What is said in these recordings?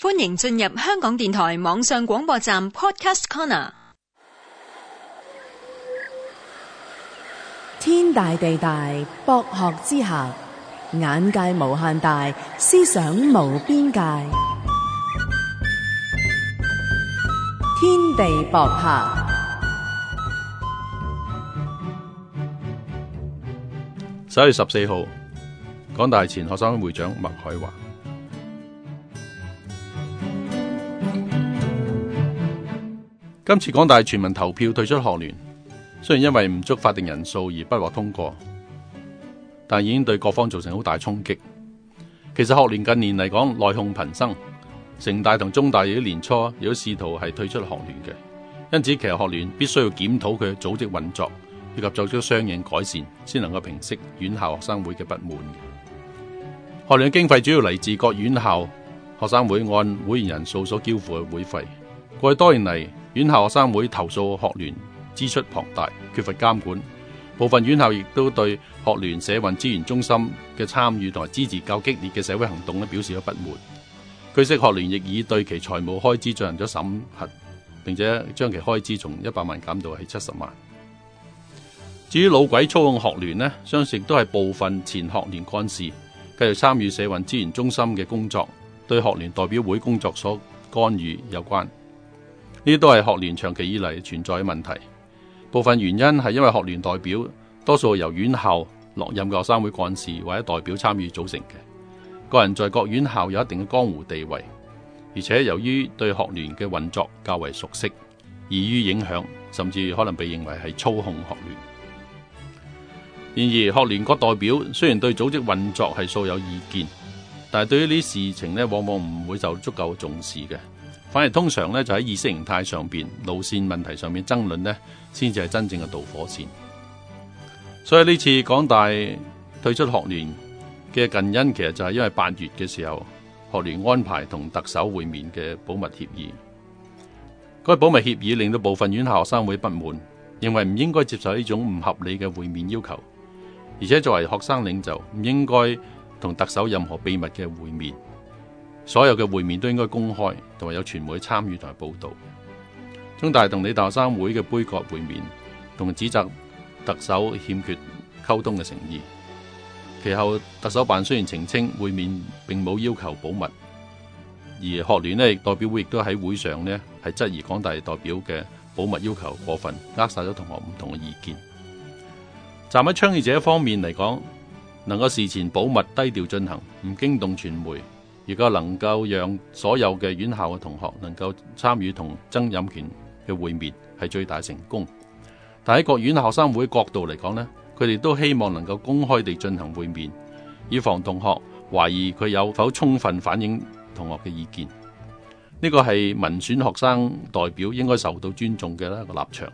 歡迎進入香港電台網上廣播站 Podcast Corner。天大地大，博學之客，眼界無限大，思想無邊界。天地博客。十一月十四號，港大前學生會長麥海華。今次港大全民投票退出學聯，雖然因為唔足法定人數而不獲通過，但已經對各方造成好大衝擊。其實學聯近年嚟講內訌頻生，城大同中大亦都年初亦都試圖係退出學聯嘅。因此，其實學聯必須要檢討佢嘅組織運作，以及作出相應改善，先能夠平息院校學生會嘅不滿。學聯經費主要嚟自各院校學生會按會員人數所交付嘅會費。過去多年嚟，院校學生會投訴學聯支出龐大，缺乏監管。部分院校亦都對學聯社運資源中心嘅參與同埋支持較激烈嘅社會行動呢表示咗不滿。據悉，學聯亦已對其財務開支進行咗審核，並且將其開支從一百萬減到係七十萬。至於老鬼操控學聯呢，相信亦都係部分前學聯幹事繼續參與社運資源中心嘅工作，對學聯代表會工作所干預有關。呢都係學聯長期以嚟存在嘅問題。部分原因係因為學聯代表多數由院校落任嘅學生會幹事或者代表參與組成嘅，個人在各院校有一定嘅江湖地位，而且由於對學聯嘅運作較為熟悉，易於影響，甚至可能被認為係操控學聯。然而，學聯各代表雖然對組織運作係素有意見，但係對於呢事情呢，往往唔會受足夠重視嘅。反而通常咧就喺意識形態上邊，路線問題上面爭論呢，先至係真正嘅導火線。所以呢次港大退出學聯嘅近因，其實就係因為八月嘅時候，學聯安排同特首會面嘅保密協議。該、那個、保密協議令到部分院校學生會不滿，認為唔應該接受呢種唔合理嘅會面要求，而且作為學生領袖唔應該同特首任何秘密嘅會面。所有嘅會面都應該公開，同埋有傳媒參與同埋報道。中大同理大學生會嘅杯葛會面同指責特首欠缺溝通嘅誠意。其後特首辦雖然澄清會面並冇要求保密，而學聯呢代表會亦都喺會上呢係質疑港大代表嘅保密要求過分，呃晒咗同學唔同嘅意見。站喺倡議者方面嚟講，能夠事前保密、低調進行，唔驚動傳媒。如果能夠讓所有嘅院校嘅同學能夠參與同曾蔭權嘅會面係最大成功。但喺各院校學生會角度嚟講咧，佢哋都希望能夠公開地進行會面，以防同學懷疑佢有否充分反映同學嘅意見，呢個係民選學生代表應該受到尊重嘅一個立場，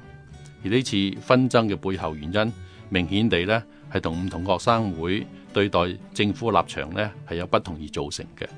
而呢次紛爭嘅背後原因，明顯地咧，係同唔同學生會對待政府立場咧，係有不同而造成嘅。